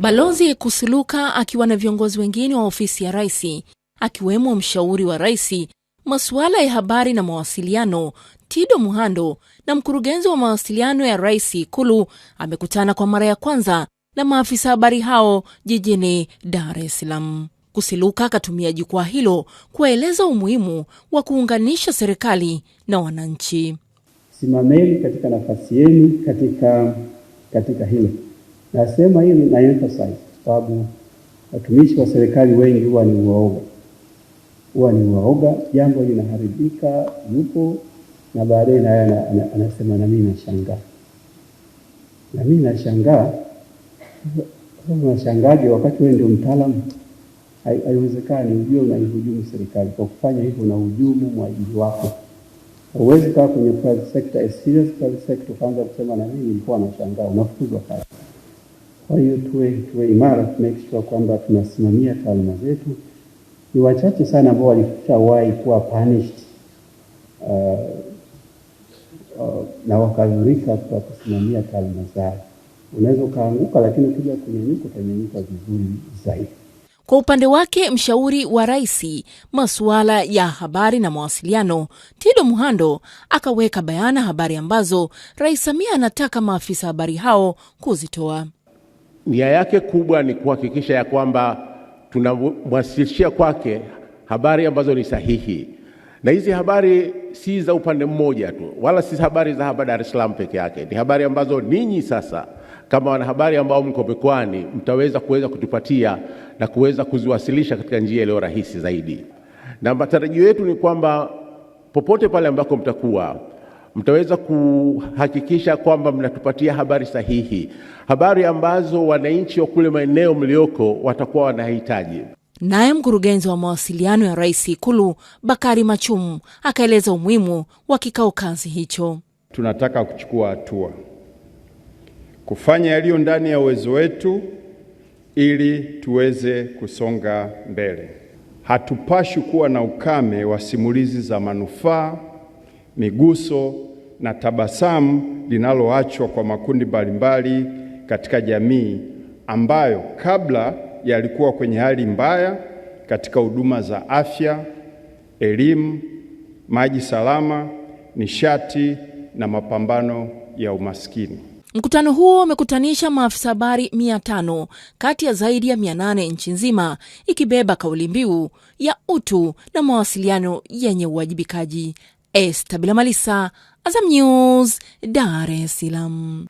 Balozi Kusuluka akiwa na viongozi wengine wa ofisi ya rais akiwemo mshauri wa rais masuala ya habari na mawasiliano Tido Muhando na mkurugenzi wa mawasiliano ya rais Ikulu amekutana kwa mara ya kwanza na maafisa habari hao jijini Dar es Salaam. Kusiluka akatumia jukwaa hilo kuwaeleza umuhimu wa kuunganisha serikali na wananchi. Simameni katika nafasi yenu katika, katika hilo Nasema hili na emphasize kwa sababu watumishi wa serikali wengi huwa ni waoga, huwa ni waoga, jambo linaharibika, yupo na baadaye naye anasema na mimi nashangaa, na mimi nashangaa. Unashangaje wakati wewe ndio mtaalamu? Haiwezekani ujue unaihujumu serikali kwa kufanya hivyo, unahujumu mwajiri wako. Huwezi kaa kwenye private sector, a serious private sector, kwanza kusema na mimi nilikuwa nashangaa, unafukuzwa kazi. Kwa hiyo tuwe, tuwe imara, tumake sure kwamba tunasimamia taaluma zetu. Ni wachache sana ambao walishawahi kuwa punished uh, uh, na wakadhurika kwa kusimamia taaluma zao. Unaweza ukaanguka, lakini ukija kunyanyuka utanyanyuka vizuri zaidi. Kwa upande wake mshauri wa rais masuala ya habari na mawasiliano Tido Muhando akaweka bayana habari ambazo Rais Samia anataka maafisa habari hao kuzitoa nia yake kubwa ni kuhakikisha ya kwamba tunamwasilishia kwake habari ambazo ni sahihi, na hizi habari si za upande mmoja tu, wala si habari za hapa Dar es Salaam peke yake. Ni habari ambazo ninyi sasa kama wanahabari ambao mko mikoani mtaweza kuweza kutupatia na kuweza kuziwasilisha katika njia iliyo rahisi zaidi, na matarajio yetu ni kwamba popote pale ambako mtakuwa mtaweza kuhakikisha kwamba mnatupatia habari sahihi, habari ambazo wananchi wa kule maeneo mlioko watakuwa wanahitaji. Naye mkurugenzi wa mawasiliano ya Rais Ikulu Bakari Machumu akaeleza umuhimu wa kikao kazi hicho. Tunataka kuchukua hatua kufanya yaliyo ndani ya uwezo wetu ili tuweze kusonga mbele. Hatupashwi kuwa na ukame wa simulizi za manufaa miguso na tabasamu linaloachwa kwa makundi mbalimbali katika jamii ambayo kabla yalikuwa kwenye hali mbaya katika huduma za afya, elimu, maji salama, nishati na mapambano ya umaskini. Mkutano huo umekutanisha maafisa habari mia tano kati ya zaidi ya mia nane nchi nzima, ikibeba kauli mbiu ya utu na mawasiliano yenye uwajibikaji. Esta Bila Malisa, Azam News, Dar es Salaam.